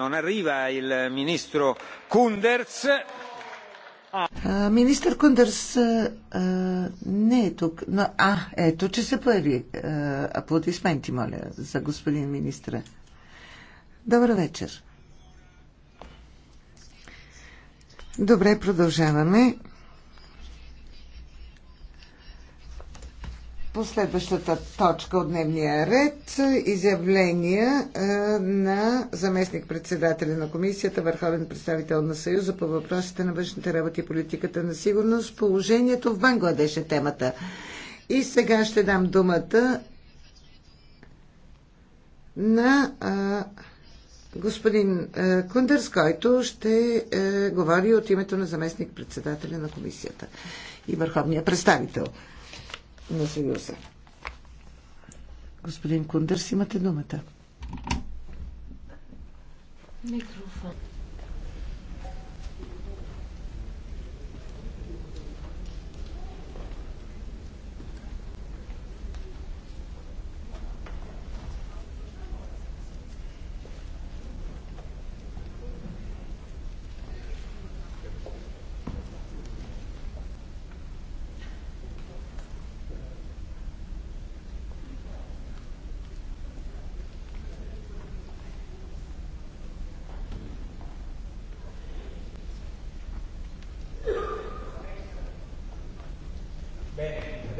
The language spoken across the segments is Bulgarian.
non arriva il ministro Kunders. Министър Кундърс не е тук. Но, а, ето, че се появи. Аплодисменти, моля, за господин министра. Добър вечер. Добре, продължаваме. Последващата точка от дневния ред изявления е, на заместник-председателя на комисията, върховен представител на Съюза по въпросите на външните работи и политиката на сигурност. Положението в Бангладеш е темата. И сега ще дам думата на а, е, господин а, е, Кундърс, който ще а, говори от името на заместник-председателя на комисията и върховния представител на Съюза. Господин Кундърс, имате думата. Микрофон.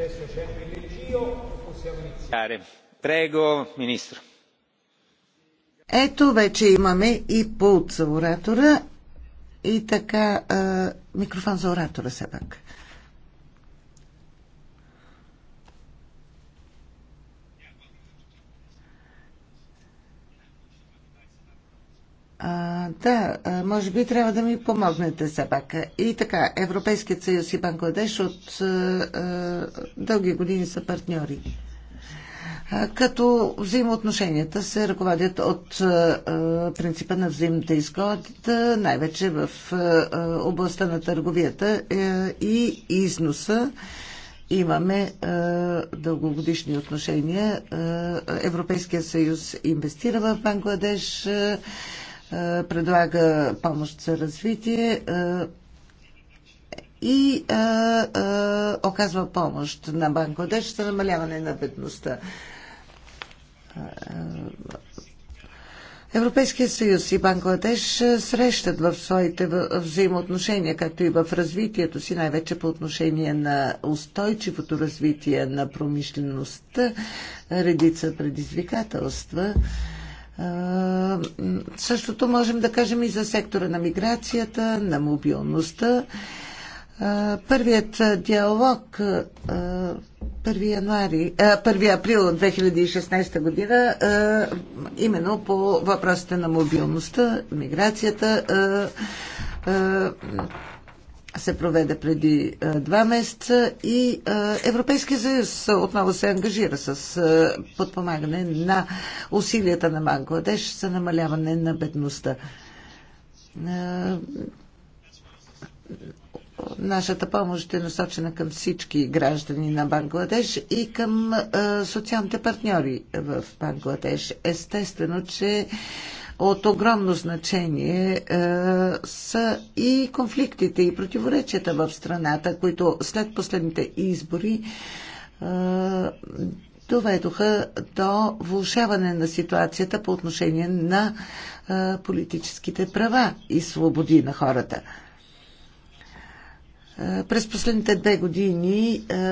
Adesso c'è possiamo iniziare. Prego, ministro. Ето вече имаме и пулт за оратора и така микрофон за оратора все пак. Да, може би трябва да ми помогнете за пак. И така, Европейският съюз и Бангладеш от дълги години са партньори. Като взаимоотношенията се ръководят от принципа на взаимната изгода, най-вече в областта на търговията и износа имаме а, дългогодишни отношения. А, Европейския съюз инвестира в Бангладеш. А, е, предлага помощ за развитие е, и е, оказва помощ на Бангладеш за намаляване на бедността. Европейския съюз и Бангладеш срещат в своите взаимоотношения, както и в развитието си, най-вече по отношение на устойчивото развитие на промишлеността, редица предизвикателства. Същото можем да кажем и за сектора на миграцията, на мобилността. Първият диалог 1, януари, 1 април 2016 година именно по въпросите на мобилността, миграцията се проведе преди два месеца и Европейския съюз отново се ангажира с подпомагане на усилията на Бангладеш за намаляване на бедността. Нашата помощ е насочена към всички граждани на Бангладеш и към социалните партньори в Бангладеш. Естествено, че от огромно значение е, са и конфликтите и противоречията в страната, които след последните избори е, доведоха до влушаване на ситуацията по отношение на е, политическите права и свободи на хората. Е, през последните две години е, е,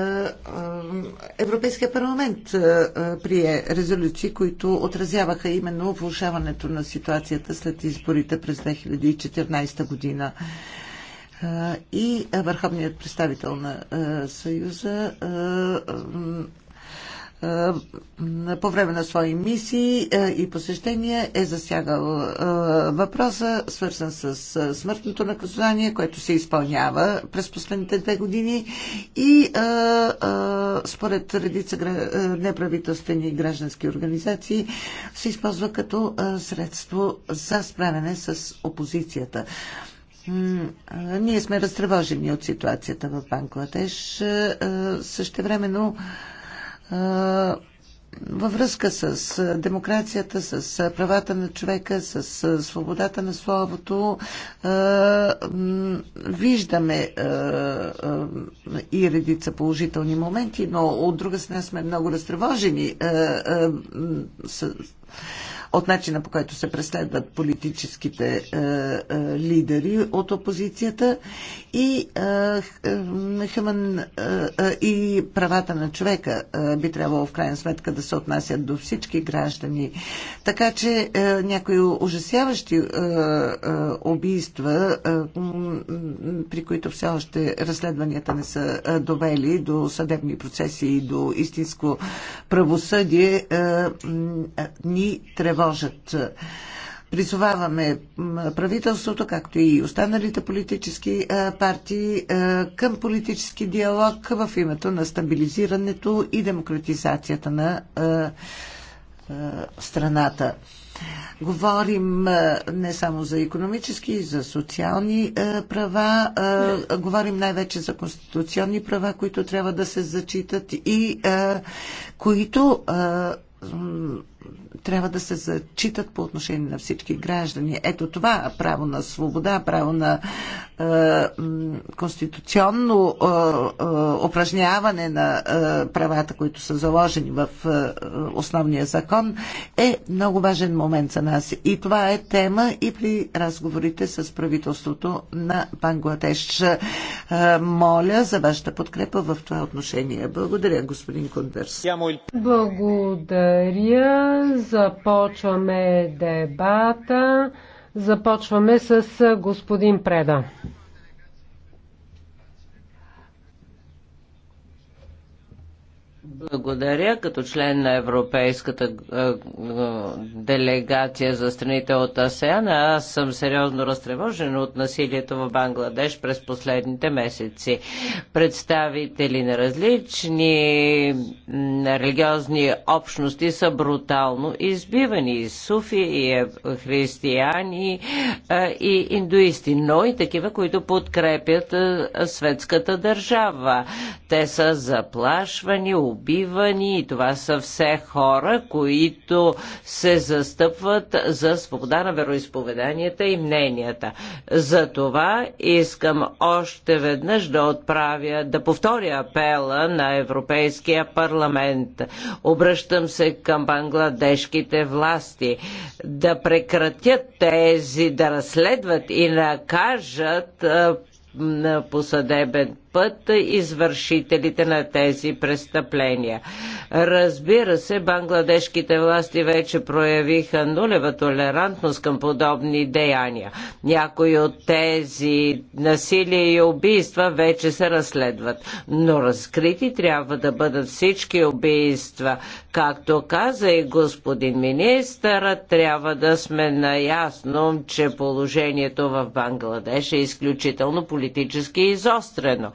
Европейския парламент прие резолюции, които отразяваха именно влушаването на ситуацията след изборите през 2014 година. И върховният представител на Съюза е, по време на свои мисии е, и посещения е засягал е, въпроса, свързан с смъртното наказание, което се изпълнява през последните две години и според редица неправителствени граждански организации се използва като средство за справяне с опозицията. Ние сме разтревожени от ситуацията в Бангладеш. също времено във връзка с демокрацията, с правата на човека, с свободата на словото, виждаме и редица положителни моменти, но от друга страна сме много разтревожени от начина по който се преследват политическите е, е, лидери от опозицията и, е, е хъмън, е, е, и правата на човека е, би трябвало в крайна сметка да се отнасят до всички граждани. Така че е, някои ужасяващи е, е, убийства, е, при които все още разследванията не са е, довели до съдебни процеси и до истинско правосъдие, е, е, ни трябва тревожат. Призоваваме правителството, както и останалите политически партии, към политически диалог в името на стабилизирането и демократизацията на страната. Говорим не само за економически, и за социални права, говорим най-вече за конституционни права, които трябва да се зачитат и които трябва да се зачитат по отношение на всички граждани. Ето това право на свобода, право на е, конституционно е, е, упражняване на е, правата, които са заложени в е, основния закон, е много важен момент за нас. И това е тема и при разговорите с правителството на Бангладеш. Е, моля за вашата подкрепа в това отношение. Благодаря, господин Кондърс. Благодаря Започваме дебата. Започваме с господин Преда. Благодаря. Като член на Европейската е, е, делегация за страните от АСЕАН, аз съм сериозно разтревожен от насилието в Бангладеш през последните месеци. Представители на различни религиозни общности са брутално избивани. И суфи, и е, християни, и индуисти, но и такива, които подкрепят светската държава. Те са заплашвани, убивани пребивани и това са все хора, които се застъпват за свобода на вероисповеданията и мненията. За това искам още веднъж да отправя, да повторя апела на Европейския парламент. Обръщам се към бангладешките власти да прекратят тези, да разследват и накажат по съдебен път извършителите на тези престъпления. Разбира се, бангладешките власти вече проявиха нулева толерантност към подобни деяния. Някои от тези насилие и убийства вече се разследват, но разкрити трябва да бъдат всички убийства. Както каза и господин министър, трябва да сме наясно, че положението в Бангладеш е изключително политически изострено.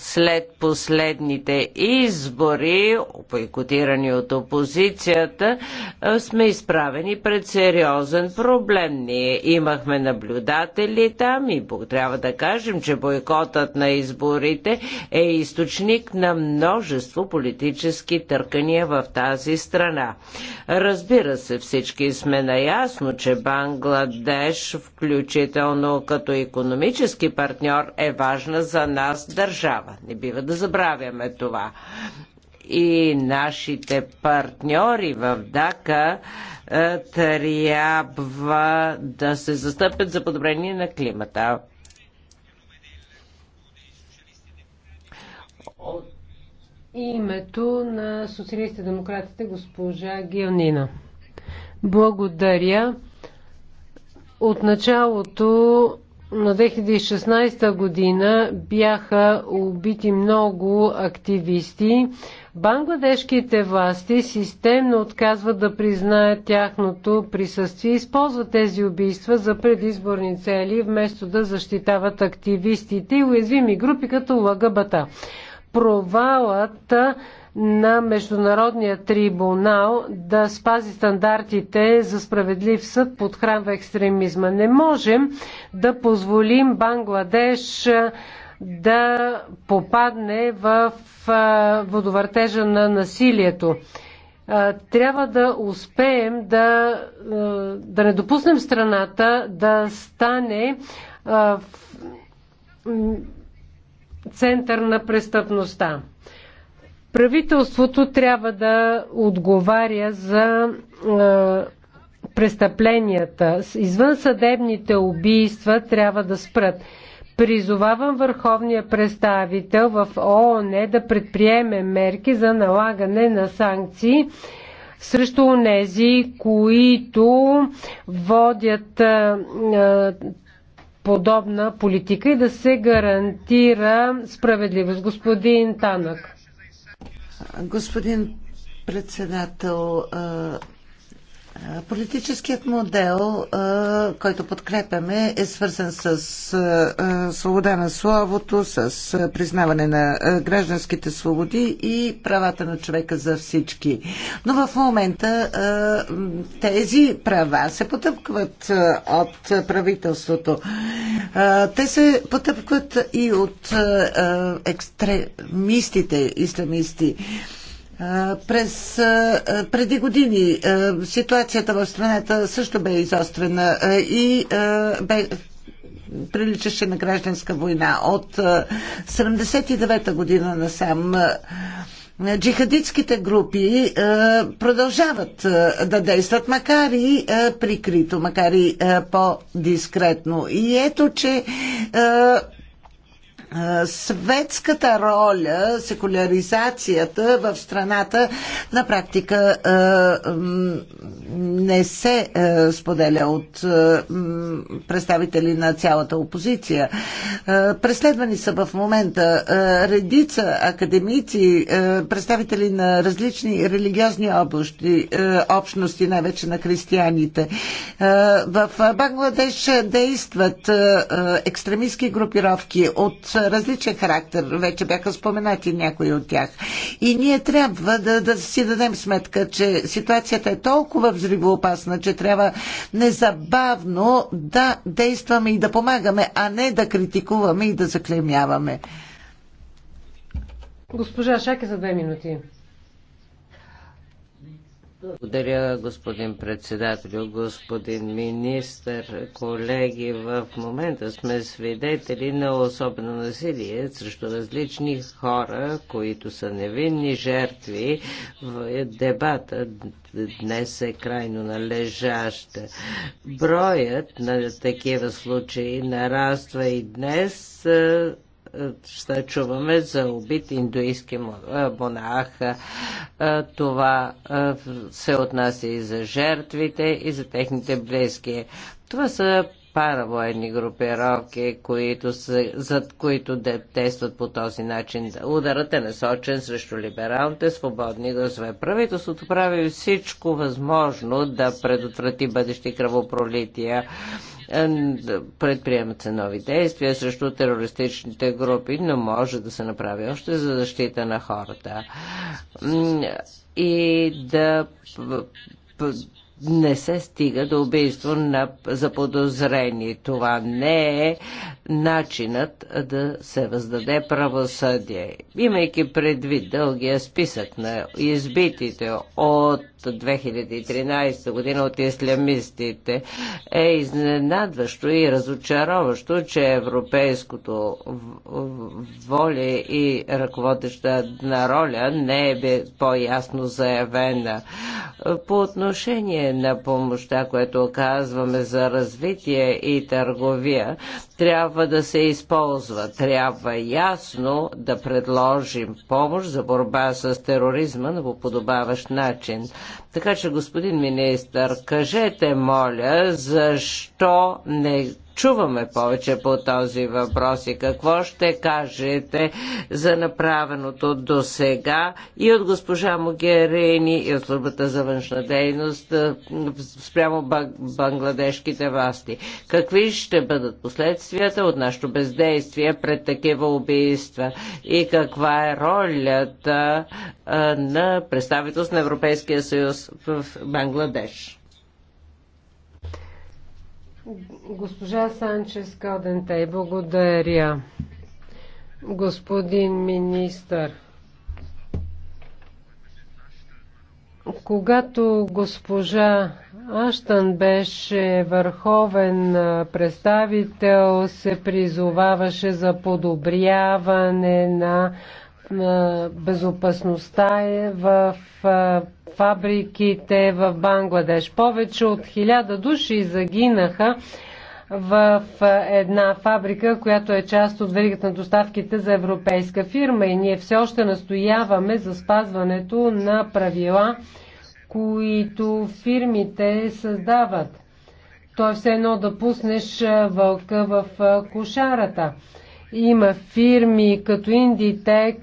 след последните избори, бойкотирани от опозицията, сме изправени пред сериозен проблем. Ние имахме наблюдатели там и трябва да кажем, че бойкотът на изборите е източник на множество политически търкания в тази страна. Разбира се, всички сме наясно, че Бангладеш, включително като економически партньор, е важна за нас държава държава. Не бива да забравяме това. И нашите партньори в ДАКА е, трябва да се застъпят за подобрение на климата. От името на социалистите демократите госпожа Гионина. Благодаря. От началото на 2016 година бяха убити много активисти. Бангладешките власти системно отказват да признаят тяхното присъствие и използват тези убийства за предизборни цели, вместо да защитават активистите и уязвими групи като ЛГБТ. Провалът на Международния трибунал да спази стандартите за справедлив съд, под в екстремизма. Не можем да позволим Бангладеш да попадне в водовъртежа на насилието. Трябва да успеем да, да не допуснем страната да стане център на престъпността. Правителството трябва да отговаря за е, престъпленията. Извън съдебните убийства трябва да спрат. Призовавам върховния представител в ООН е да предприеме мерки за налагане на санкции срещу онези, които водят е, подобна политика и да се гарантира справедливост. Господин Танък. Господин председател, Политическият модел, който подкрепяме, е свързан с свобода на словото, с признаване на гражданските свободи и правата на човека за всички. Но в момента тези права се потъпкват от правителството. Те се потъпкват и от екстремистите, исламисти. През, преди години ситуацията в страната също бе изострена и бе приличаше на гражданска война. От 79-та година насам джихадитските групи продължават да действат, макар и прикрито, макар и по-дискретно. И ето, че светската роля, секуляризацията в страната на практика не се споделя от представители на цялата опозиция. Преследвани са в момента редица академици, представители на различни религиозни области, общности, най-вече на християните. В Бангладеш действат екстремистски групировки от различен характер. Вече бяха споменати някои от тях. И ние трябва да, да си дадем сметка, че ситуацията е толкова взривоопасна, че трябва незабавно да действаме и да помагаме, а не да критикуваме и да заклемяваме. Госпожа Шаке за две минути. Благодаря, господин председател, господин министр, колеги. В момента сме свидетели на особено насилие срещу различни хора, които са невинни жертви. в е, Дебата днес е крайно належащ. Броят на такива случаи нараства и днес е, ще чуваме за убит индуистки монах. Това се отнася и за жертвите, и за техните близки. Това са паравоенни групировки, които са, зад които действат по този начин. Ударът е насочен срещу либералните свободни гласове. Правителството прави всичко възможно да предотврати бъдещи кръвопролития. Е, предприемат се нови действия срещу терористичните групи, но може да се направи още за защита на хората. И да не се стига до убийство на заподозрени. Това не е начинът да се въздаде правосъдие. Имайки предвид дългия списък на избитите от 2013 година от ислямистите. Е изненадващо и разочароващо, че европейското воле и ръководеща на роля не е бе по-ясно заявена. По отношение на помощта, което оказваме за развитие и търговия, трябва да се използва. Трябва ясно да предложим помощ за борба с тероризма на подобаващ начин. Така че, господин министър, кажете, моля, защо не чуваме повече по този въпрос и какво ще кажете за направеното до сега и от госпожа Могерени и от службата за външна дейност е, спрямо бангладешките власти. Какви ще бъдат последствията от нашето бездействие пред такива убийства и каква е ролята е, на представителство на Европейския съюз в Бангладеш? Госпожа Санчес Калдентей, благодаря. Господин министър, когато госпожа Аштан беше върховен представител, се призоваваше за подобряване на на безопасността е в фабриките в Бангладеш. Повече от хиляда души загинаха в една фабрика, която е част от веригата на доставките за европейска фирма и ние все още настояваме за спазването на правила, които фирмите създават. То е все едно да пуснеш вълка в кошарата. Има фирми като Inditex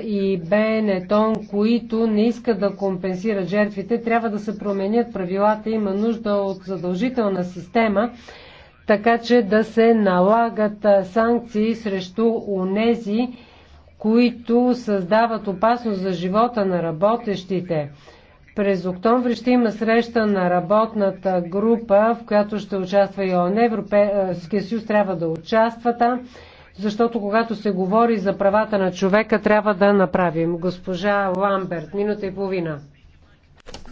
и Benetton, които не искат да компенсират жертвите. Трябва да се променят правилата. Има нужда от задължителна система, така че да се налагат санкции срещу унези, които създават опасност за живота на работещите. През октомври ще има среща на работната група, в която ще участва и ОНЕ. Европейския съюз трябва да участва там защото когато се говори за правата на човека, трябва да направим. Госпожа Ламберт, минута и половина.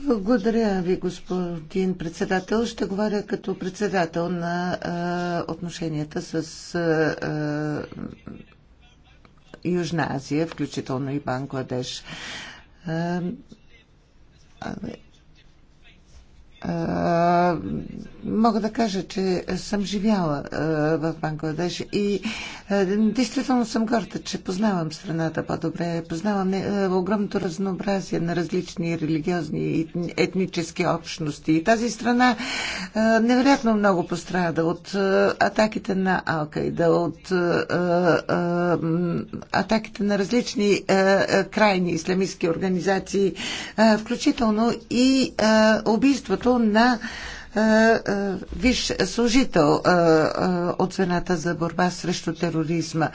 Благодаря ви, господин председател. Ще говоря като председател на а, отношенията с а, Южна Азия, включително и Бангладеш мога да кажа, че съм живяла в Бангладеш и действително съм горда, че познавам страната по-добре. Познавам е, огромното разнообразие на различни религиозни и етнически общности. И тази страна невероятно много пострада от атаките на Алкайда, от атаките на различни крайни исламистски организации, включително и убийството служител на виж служител от звената за борба срещу тероризма.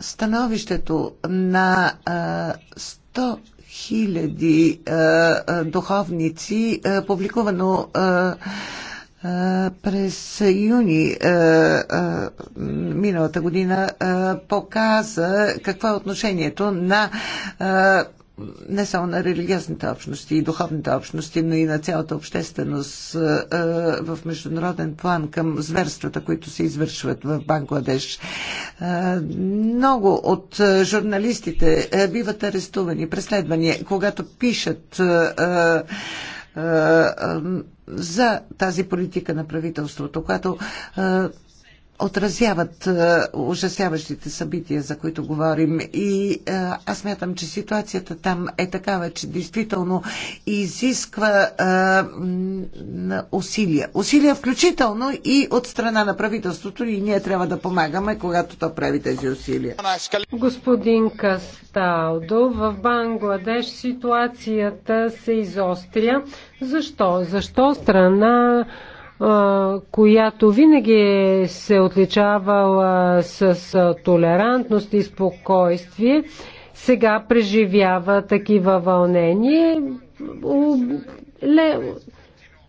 Становището на 100 хиляди духовници, публикувано през юни миналата година показа какво е отношението на не само на религиозните общности и духовните общности, но и на цялата общественост е, е, в международен план към зверствата, които се извършват в Бангладеш. Е, много от журналистите биват арестувани, преследвани, когато пишат за тази политика на правителството, която отразяват е, ужасяващите събития, за които говорим. И е, аз мятам, че ситуацията там е такава, че действително изисква е, усилия. Усилия включително и от страна на правителството и ние трябва да помагаме, когато то прави тези усилия. Господин Касталдо, в Бангладеш ситуацията се изостря. Защо? Защо страна която винаги се отличавала с толерантност и спокойствие, сега преживява такива вълнения.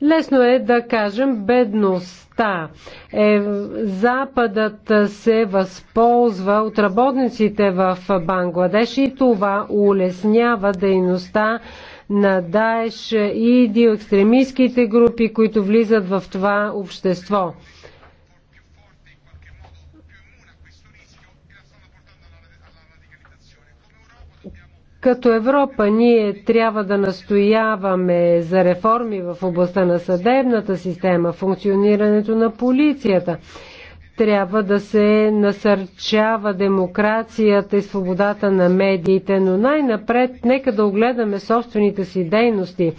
Лесно е да кажем бедността. Е, Западът се възползва от работниците в Бангладеш и това улеснява дейността на Даеш и диоекстремистските групи, които влизат в това общество. Като Европа ние трябва да настояваме за реформи в областта на съдебната система, функционирането на полицията трябва да се насърчава демокрацията и свободата на медиите, но най-напред нека да огледаме собствените си дейности.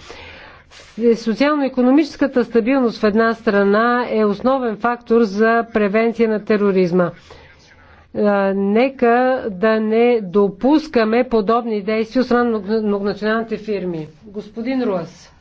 Социално-економическата стабилност в една страна е основен фактор за превенция на тероризма. Нека да не допускаме подобни действия от страна на многонационалните фирми. Господин Руас.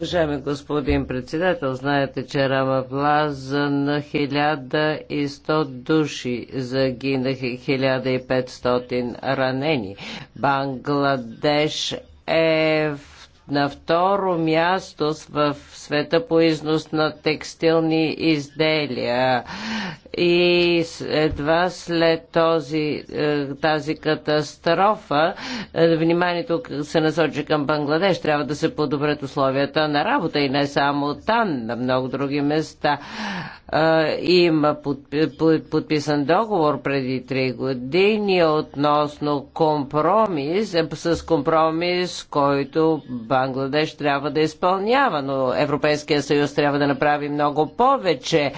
Уважаеми господин председател, знаете, че Рама за на 1100 души загинаха 1500 ранени. Бангладеш е в на второ място в света по износ на текстилни изделия. И едва след този, е, тази катастрофа е, вниманието се насочи към Бангладеш. Трябва да се подобрят условията на работа и не само там, на много други места. Е, има подписан договор преди три години относно компромис, с компромис, който ба. Бангладеш трябва да изпълнява, но Европейския съюз трябва да направи много повече.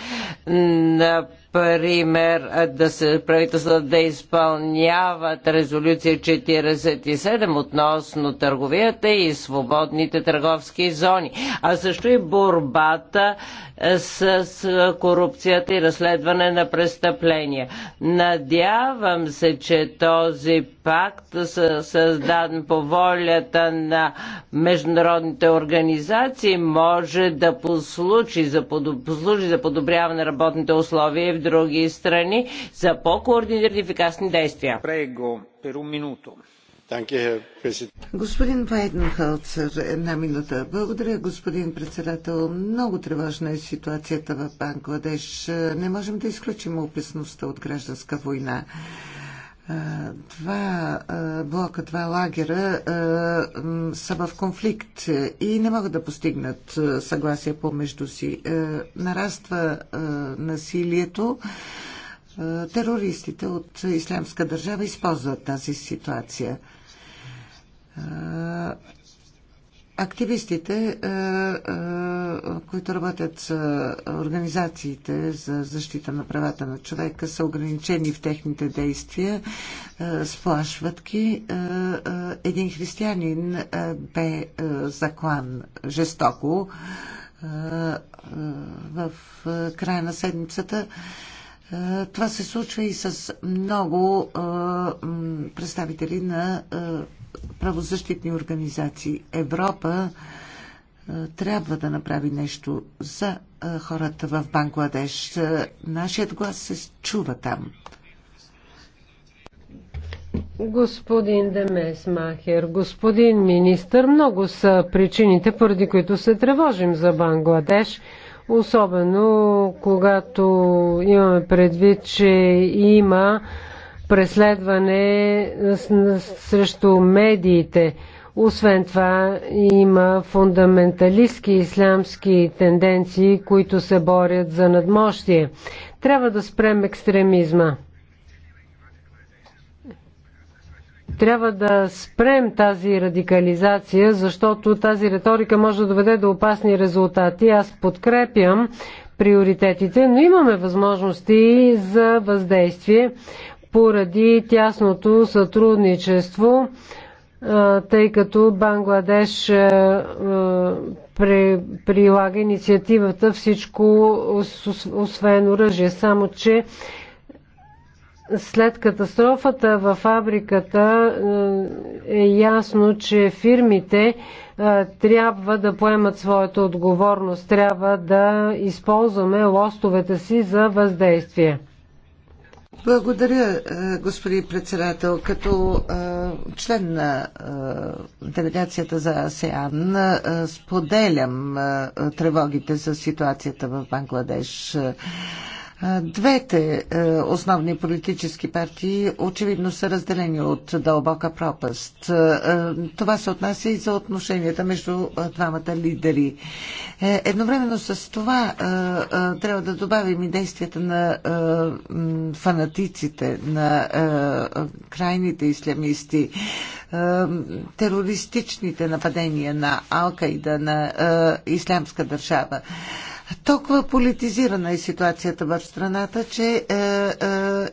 Пример, да се правителствата да изпълняват резолюция 47 относно търговията и свободните търговски зони, а също и борбата е, с, корупцията и разследване на престъпления. Надявам се, че този пакт, създаден по волята на международните организации, може да послужи за, послужи за подобряване на работните условия в други страни за по-координирани ефикасни действия. Прего, Господин Вайденхалцер, една минута. Благодаря, господин председател. Много тревожна е ситуацията в Бангладеш. Не можем да изключим опасността от гражданска война. Два блока, два лагера са в конфликт и не могат да постигнат съгласие помежду си. Нараства насилието. Терористите от Ислямска държава използват тази ситуация. Активистите, е, е, които работят с организациите за защита на правата на човека, са ограничени в техните действия, е, сплашват ги. Един християнин бе заклан жестоко в края на седмицата. Това се случва и с много представители на правозащитни организации. Европа трябва да направи нещо за хората в Бангладеш. Нашият глас се чува там. Господин Демес Махер, господин министр, много са причините, поради които се тревожим за Бангладеш, особено когато имаме предвид, че има преследване срещу медиите. Освен това има фундаменталистски ислямски тенденции, които се борят за надмощие. Трябва да спрем екстремизма. Трябва да спрем тази радикализация, защото тази риторика може да доведе до опасни резултати. Аз подкрепям приоритетите, но имаме възможности за въздействие поради тясното сътрудничество, тъй като Бангладеш прилага инициативата всичко освен оръжие. Само, че след катастрофата в фабриката е ясно, че фирмите трябва да поемат своята отговорност, трябва да използваме лостовете си за въздействие. Благодаря, е, господин председател. Като е, член на е, делегацията за АСЕАН споделям тревогите за ситуацията в Бангладеш. Двете е, основни политически партии очевидно са разделени от дълбока пропаст. Е, е, това се отнася и за отношенията между двамата лидери. Едновременно с това трябва да добавим и действията на фанатиците, на крайните ислямисти, терористичните нападения на Алкаида, на Ислямска държава. Толкова политизирана е ситуацията в страната, че е, е,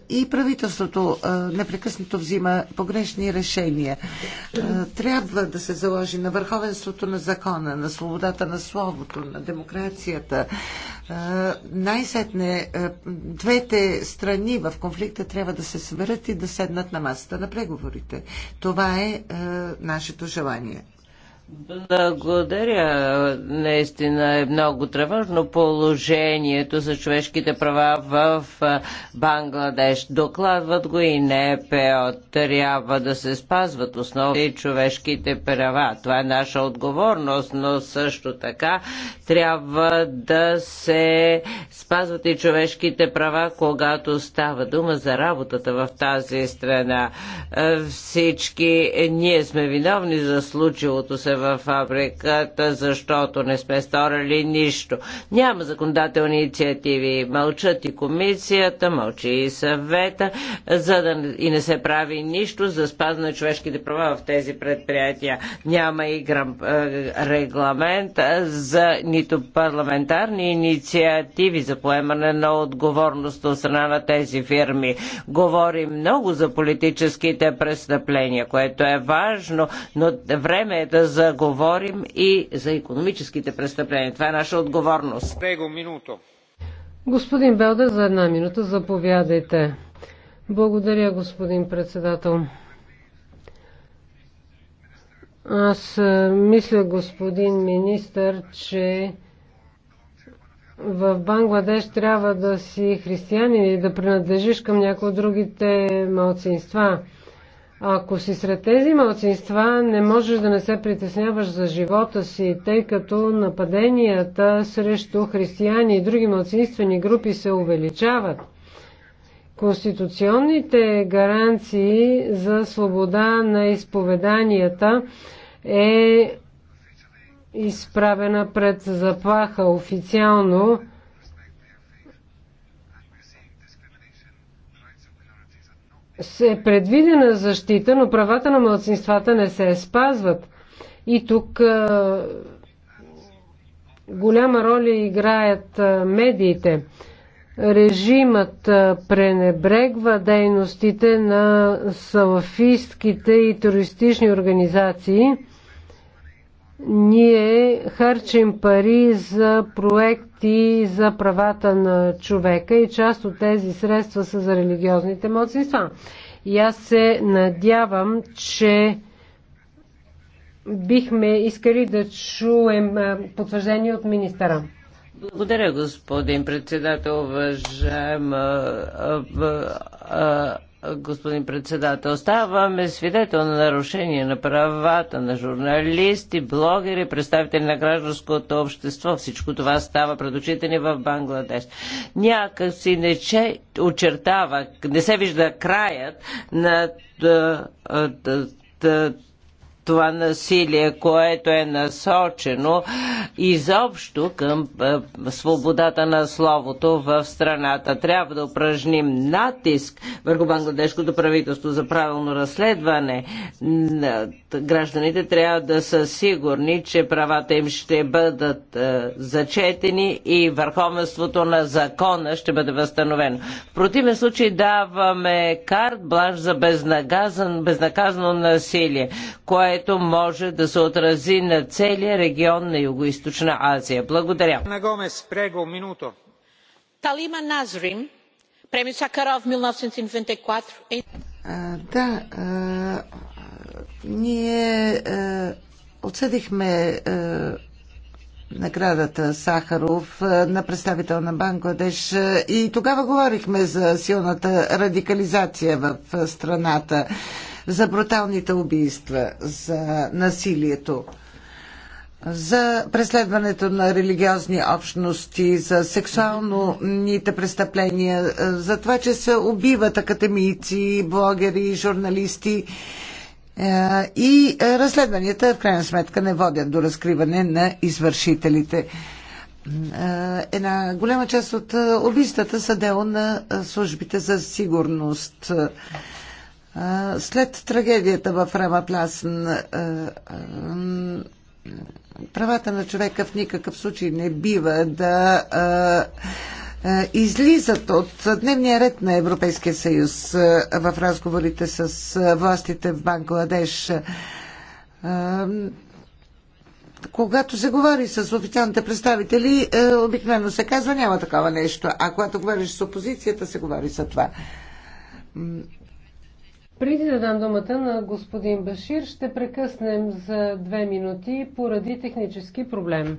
и правителството е, непрекъснато взима погрешни решения. Е, трябва да се заложи на върховенството на закона, на свободата на словото, на демокрацията. Е, най-сетне е, двете страни в конфликта трябва да се съберат и да седнат на масата на преговорите. Това е, е нашето желание. Благодаря. Наистина е много тревожно положението за човешките права в Бангладеш. Докладват го и НПО. Трябва да се спазват основни човешките права. Това е наша отговорност, но също така трябва да се спазват и човешките права, когато става дума за работата в тази страна. Всички ние сме виновни за случилото се в фабриката, защото не сме сторили нищо. Няма законодателни инициативи. Мълчат и комисията, мълчи и съвета, за да и не се прави нищо за спазване на човешките права в тези предприятия. Няма и грам, регламент за нито парламентарни инициативи за поемане на отговорност от страна на тези фирми. Говори много за политическите престъпления, което е важно, но време е да за да говорим и за економическите престъпления. Това е наша отговорност. Господин Белдер, за една минута заповядайте. Благодаря, господин председател. Аз е, мисля, господин министър, че в Бангладеш трябва да си християнин и да принадлежиш към някои от другите малцинства. Ако си сред тези малцинства, не можеш да не се притесняваш за живота си, тъй като нападенията срещу християни и други малцинствени групи се увеличават. Конституционните гаранции за свобода на изповеданията е изправена пред заплаха официално се е предвидена защита, но правата на младсинствата не се е спазват. И тук а, голяма роля играят а, медиите. Режимът а, пренебрегва дейностите на салафистките и терористични организации – ние харчим пари за проекти за правата на човека и част от тези средства са за религиозните младсинства. И аз се надявам, че бихме искали да чуем потвърждение от министъра. Благодаря, господин председател, уважаема господин председател. Ставаме свидетел на нарушение на правата на журналисти, блогери, представители на гражданското общество. Всичко това става пред очите ни в Бангладеш. Някак си не че очертава, не се вижда краят на това насилие, което е насочено изобщо към е, свободата на словото в страната. Трябва да упражним натиск върху бангладешкото правителство за правилно разследване. Гражданите трябва да са сигурни, че правата им ще бъдат е, зачетени и върховенството на закона ще бъде възстановено. В противен случай даваме карт бланш за безнаказан, безнаказано насилие, което което може да се отрази на целия регион на юго Азия. Благодаря. Талима Назрим, премио Сакаров 1994. Е- да, а, ние а, отсъдихме а, наградата Сахаров на представител на Бангладеш и тогава говорихме за силната радикализация в страната за бруталните убийства, за насилието, за преследването на религиозни общности, за сексуалните престъпления, за това, че се убиват академици, блогери, журналисти. Е, и разследванията в крайна сметка не водят до разкриване на извършителите. Е, една голяма част от е, убийствата са дело на службите за сигурност. След трагедията в Рама Пласен, правата на човека в никакъв случай не бива да излизат от дневния ред на Европейския съюз в разговорите с властите в Бангладеш. Когато се говори с официалните представители, обикновено се казва няма такова нещо, а когато говориш с опозицията, се говори за това. Преди да дам думата на господин Башир, ще прекъснем за две минути поради технически проблем.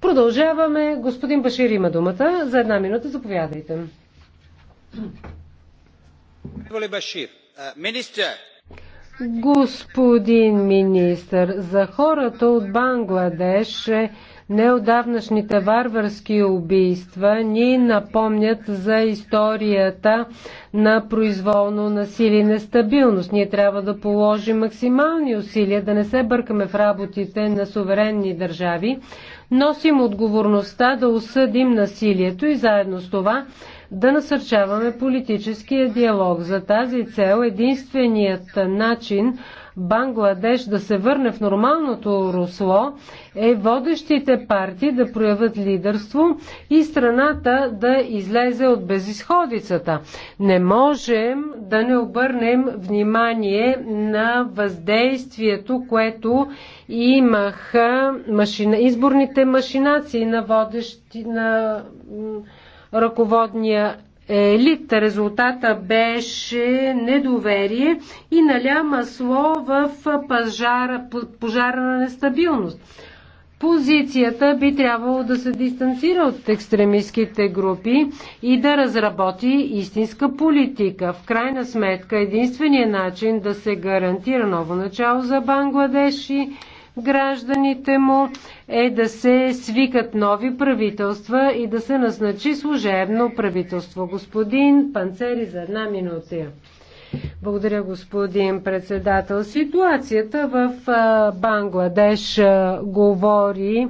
Продължаваме. Господин Башир има думата. За една минута заповядайте. Е, Господин министр, за хората от Бангладеш е Неодавнашните варварски убийства ни напомнят за историята на произволно насилие и нестабилност. Ние трябва да положим максимални усилия да не се бъркаме в работите на суверенни държави. Носим отговорността да осъдим насилието и заедно с това да насърчаваме политическия диалог. За тази цел единственият начин Бангладеш да се върне в нормалното русло, е водещите партии да проявят лидерство и страната да излезе от безисходицата. Не можем да не обърнем внимание на въздействието, което имаха машина, изборните машинации на водещи на ръководния елит. Резултата беше недоверие и наля масло в пожара, пожара на нестабилност. Позицията би трябвало да се дистанцира от екстремистските групи и да разработи истинска политика. В крайна сметка единственият начин да се гарантира ново начало за Бангладеш и гражданите му е да се свикат нови правителства и да се назначи служебно правителство. Господин Панцери за една минута. Благодаря, господин председател. Ситуацията в Бангладеш говори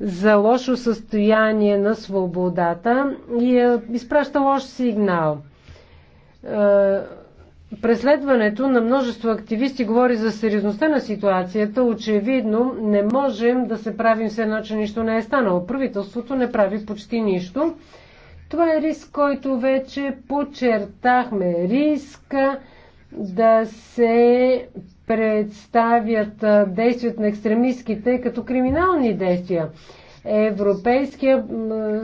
за лошо състояние на свободата и изпраща лош сигнал преследването на множество активисти говори за сериозността на ситуацията. Очевидно не можем да се правим все едно, че нищо не е станало. Правителството не прави почти нищо. Това е риск, който вече подчертахме. Риска да се представят действията на екстремистските като криминални действия. Европейския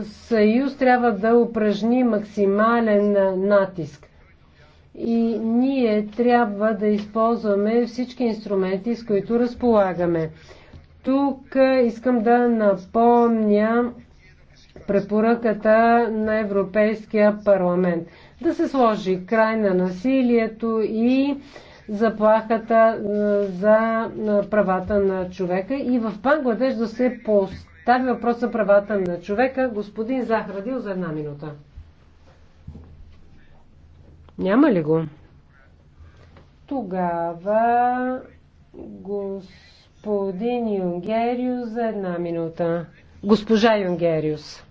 съюз трябва да упражни максимален натиск и ние трябва да използваме всички инструменти, с които разполагаме. Тук е, искам да напомня препоръката на Европейския парламент да се сложи край на насилието и заплахата е, за е, правата на човека. И в Бангладеш да се постави въпрос за правата на човека. Господин Захрадил за една минута. Няма ли го? Тогава господин Юнгериус за една минута. Госпожа Юнгериус.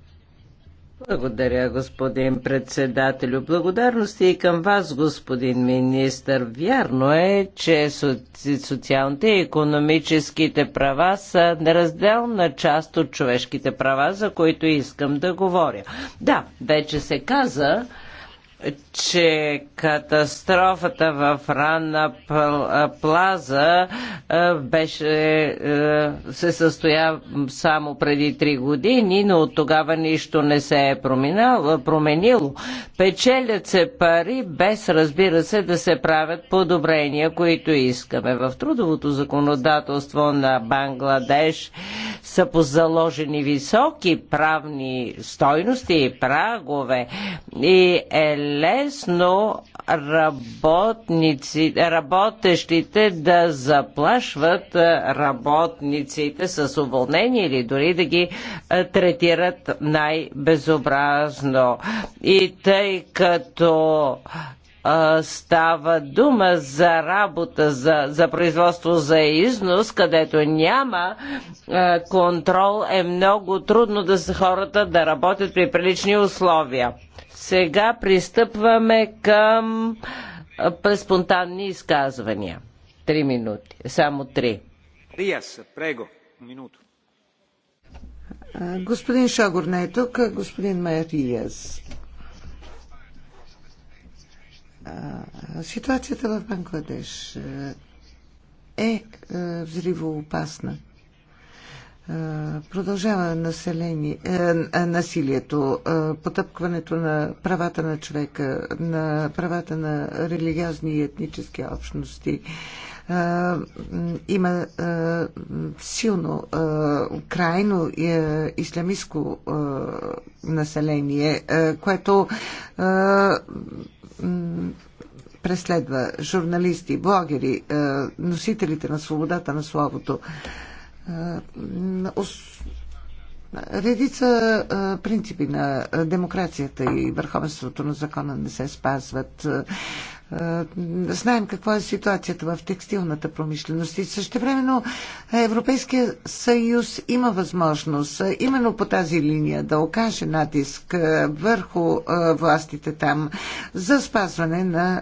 Благодаря, господин председателю. Благодарности и към вас, господин министр. Вярно е, че социалните и економическите права са неразделна част от човешките права, за които искам да говоря. Да, вече се каза, че катастрофата в Ранна Плаза беше, се състоя само преди три години, но от тогава нищо не се е променило. Печелят се пари без, разбира се, да се правят подобрения, които искаме. В трудовото законодателство на Бангладеш са заложени високи правни стойности и прагове и е лесно работници, работещите да заплашват работниците с уволнение или дори да ги третират най-безобразно. И тъй като става дума за работа, за, за производство, за износ, където няма контрол, е много трудно да са хората да работят при прилични условия. Сега пристъпваме към спонтанни изказвания. Три минути. Само три. Риас, прего. Минуто. Господин Шагор не е тук, господин Майер Ситуацията в Бангладеш е, е взривоопасна. Продължава население, е, насилието, е, потъпкването на правата на човека, на правата на религиозни и етнически общности има силно крайно е, ислямистско население, което преследва журналисти, блогери, носителите на свободата на словото. Редица принципи на демокрацията и върховенството на закона не се спазват. Е, знаем каква е ситуацията в текстилната промишленост и същевременно Европейския съюз има възможност е, именно по тази линия да окаже натиск е, върху властите там за спазване на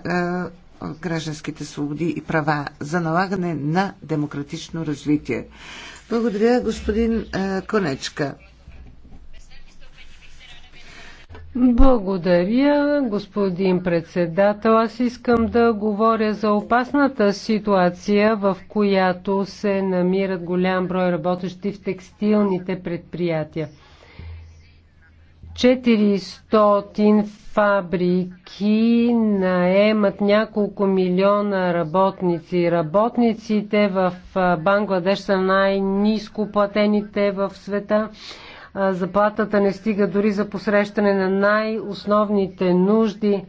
гражданските свободи и права, за налагане на демократично развитие. Благодаря, господин Конечка. Благодаря, господин председател. Аз искам да говоря за опасната ситуация, в която се намират голям брой работещи в текстилните предприятия. 400 фабрики наемат няколко милиона работници. Работниците в Бангладеш са най-низко платените в света заплатата не стига дори за посрещане на най-основните нужди.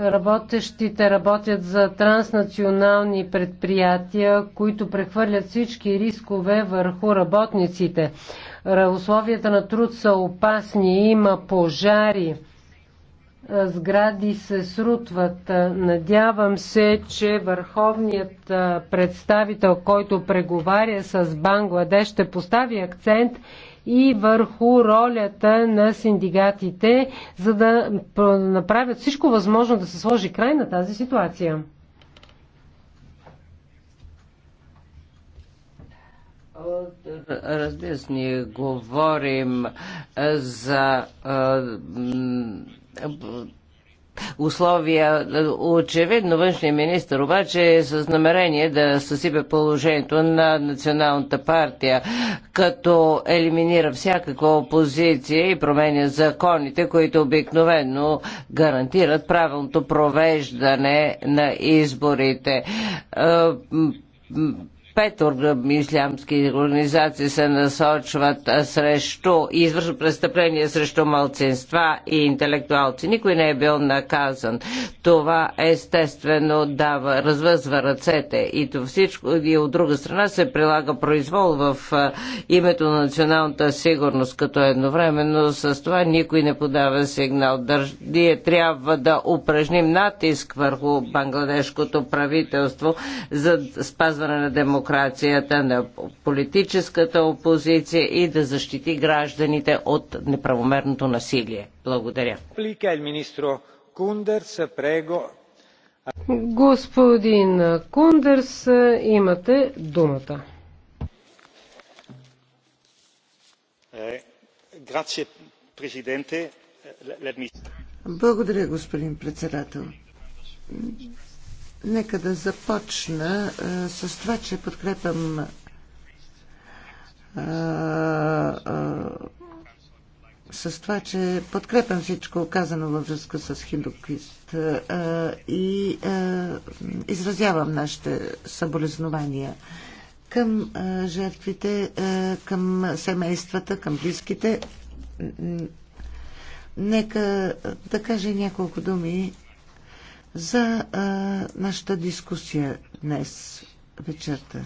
Работещите работят за транснационални предприятия, които прехвърлят всички рискове върху работниците. Условията на труд са опасни, има пожари сгради се срутват. Надявам се, че върховният представител, който преговаря с Бангладеш, ще постави акцент и върху ролята на синдикатите, за да направят всичко възможно да се сложи край на тази ситуация. Разбира се, ние говорим за условия. Очевидно външният министр обаче е с намерение да съсипе положението на Националната партия, като елиминира всякаква опозиция и променя законите, които обикновено гарантират правилното провеждане на изборите е, Пет ислямски организации се насочват срещу и извършват престъпления срещу малцинства и интелектуалци. Никой не е бил наказан. Това естествено дава, развъзва ръцете и то всичко и от друга страна се прилага произвол в името на националната сигурност, като едновременно с това никой не подава сигнал. Държ... Ние трябва да упражним натиск върху бангладешкото правителство за спазване на демокрация демокрацията, на политическата опозиция и да защити гражданите от неправомерното насилие. Благодаря. Господин Кундерс, имате думата. Е, е, Благодаря, господин председател. Нека да започна а, с това, че подкрепям а, а, с това, че подкрепям всичко казано във връзка с Хиндуквист и а, изразявам нашите съболезнования към а, жертвите, а, към семействата, към близките. Нека да кажа няколко думи за а, нашата дискусия днес вечерта.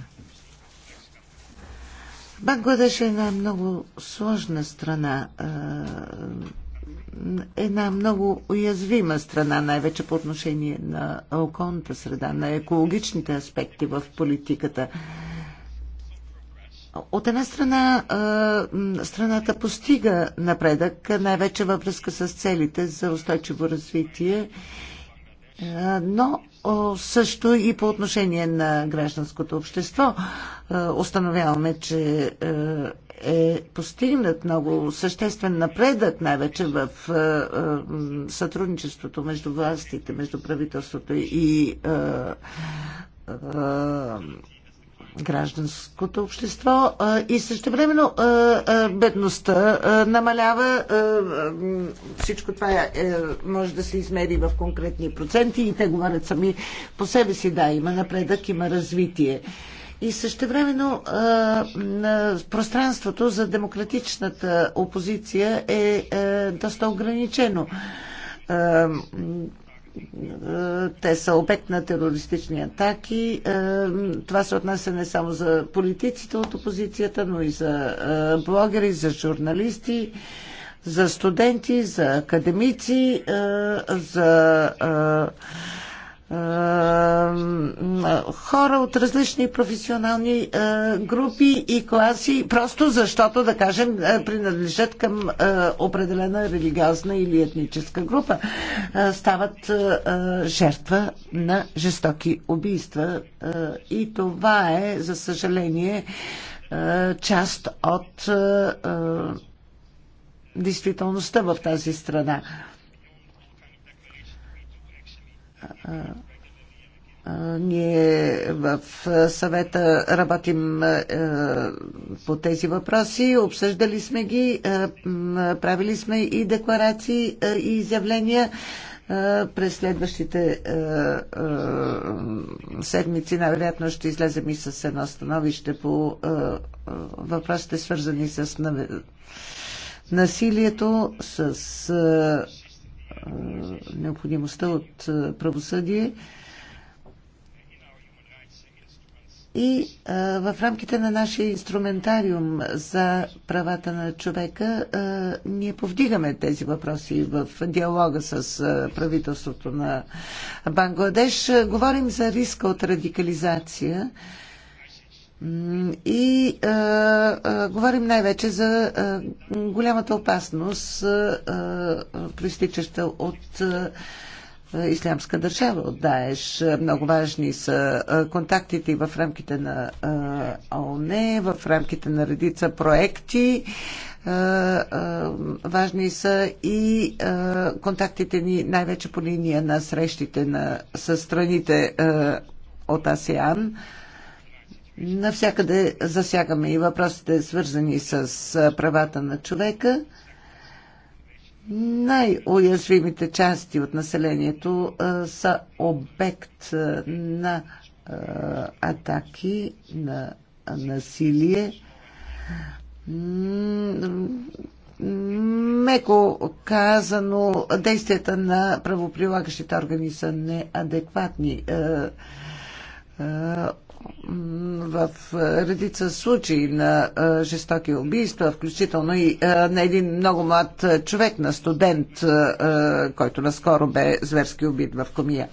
Бангладеш е една много сложна страна, а, една много уязвима страна, най-вече по отношение на околната среда, на екологичните аспекти в политиката. От една страна, страната постига напредък, най-вече във връзка с целите за устойчиво развитие но също и по отношение на гражданското общество. Установяваме, че е постигнат много съществен напредък, най-вече в сътрудничеството между властите, между правителството и гражданското общество и също времено бедността намалява. Всичко това е, може да се измери в конкретни проценти и те говорят сами по себе си. Да, има напредък, има развитие. И също времено пространството за демократичната опозиция е, е доста ограничено те са обект на терористични атаки. Е, това се отнася не само за политиците от опозицията, но и за е, блогери, за журналисти, за студенти, за академици, е, за хора от различни професионални групи и класи, просто защото, да кажем, принадлежат към определена религиозна или етническа група, стават жертва на жестоки убийства. И това е, за съжаление, част от действителността в тази страна. Ние в съвета работим е, по тези въпроси, обсъждали сме ги, е, правили сме и декларации е, и изявления. През следващите седмици най-вероятно ще излезем и с едно становище по въпросите свързани с насилието, с необходимостта от правосъдие. И а, в рамките на нашия инструментариум за правата на човека а, ние повдигаме тези въпроси в диалога с а, правителството на Бангладеш. Говорим за риска от радикализация. И а, а, говорим най-вече за а, голямата опасност, а, а, проистичаща от а, Ислямска държава, от Даеш. Много важни са контактите в рамките на ООН, в рамките на редица проекти. Важни са и контактите ни най-вече по линия на срещите на, с страните от АСЕАН. Навсякъде засягаме и въпросите, свързани с правата на човека. Най-уязвимите части от населението а, са обект а, на а, атаки, на насилие. Меко казано, действията на правоприлагащите органи са неадекватни в редица случаи на жестоки убийства, включително и на един много млад човек, на студент, който наскоро бе зверски убит в Комия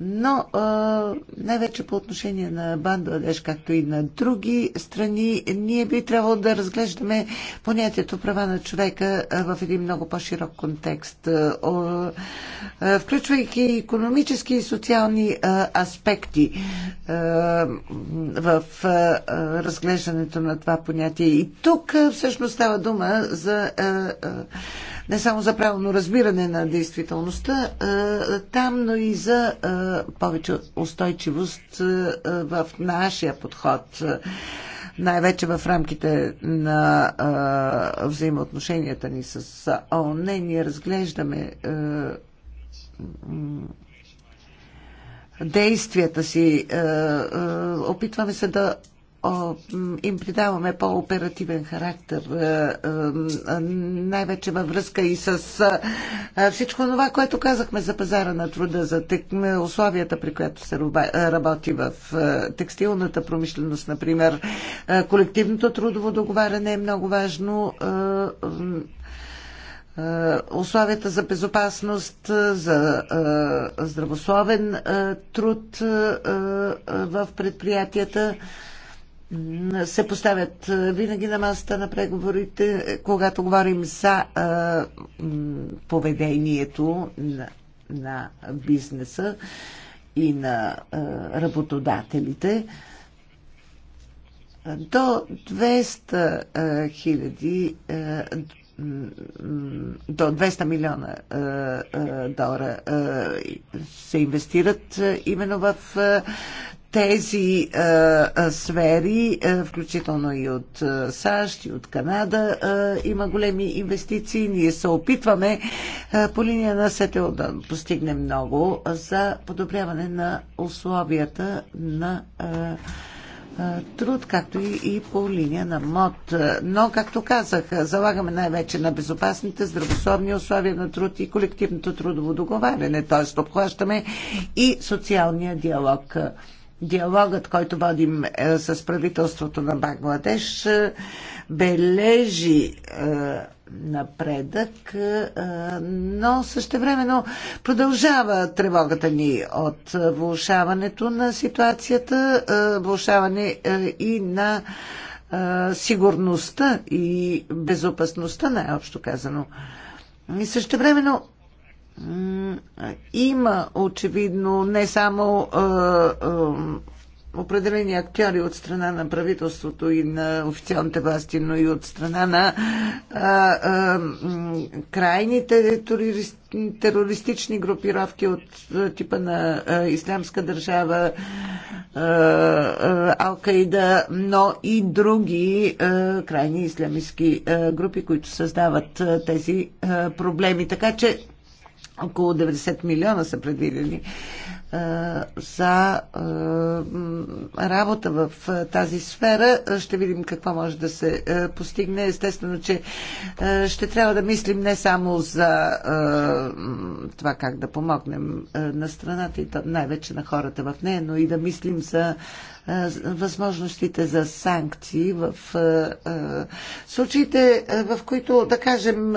но най-вече по отношение на Бангладеш, както и на други страни, ние би трябвало да разглеждаме понятието права на човека в един много по-широк контекст, включвайки економически и социални аспекти в разглеждането на това понятие. И тук всъщност става дума за не само за правилно разбиране на действителността там, но и за повече устойчивост в нашия подход най-вече в рамките на взаимоотношенията ни с ООН, ние разглеждаме действията си, опитваме се да им придаваме по-оперативен характер, е, е, най-вече във връзка и с е, всичко това, което казахме за пазара на труда, за условията, при които се работи в текстилната промишленост, например. Колективното трудово договаряне е много важно условията за безопасност, за здравословен труд в предприятията се поставят винаги на масата на преговорите, е, когато говорим за поведението на, на бизнеса и на работодателите. До 200 хиляди до 200 милиона долара се инвестират именно в тези а, е, а, е, сфери, а, е, включително и от а, САЩ и от Канада, а, има големи инвестиции. Ние се опитваме а, по линия на СТО да постигнем много за подобряване на условията на а, труд, както и, и по линия на МОД. Но, както казах, залагаме най-вече на безопасните, здравословни условия на труд и колективното трудово договаряне, т.е. обхващаме и социалния диалог диалогът, който водим е, с правителството на Бангладеш, е, бележи е, напредък, е, но същевременно продължава тревогата ни от влушаването на ситуацията, е, влушаване е, и на е, сигурността и безопасността, най-общо казано. И същевременно има очевидно не само а, а, определени актьори от страна на правителството и на официалните власти, но и от страна на а, а, крайните терористични групировки от типа на а, Ислямска държава, Алкаида, но и други а, крайни ислямистски групи, които създават а, тези а, проблеми. Така че около 90 милиона са предвидени за работа в тази сфера. Ще видим какво може да се постигне. Естествено, че ще трябва да мислим не само за това как да помогнем на страната и най-вече на хората в нея, но и да мислим за възможностите за санкции в случаите, в които, да кажем,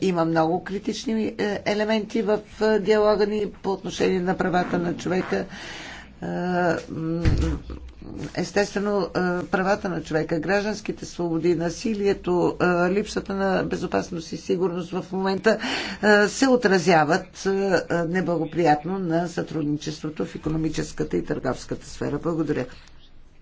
има много критични елементи в диалога ни по отношение на правата на човека е, естествено е, правата на човека, гражданските свободи, насилието, е, липсата на безопасност и сигурност в момента се отразяват неблагоприятно на сътрудничеството в економическата и търговската сфера. Благодаря.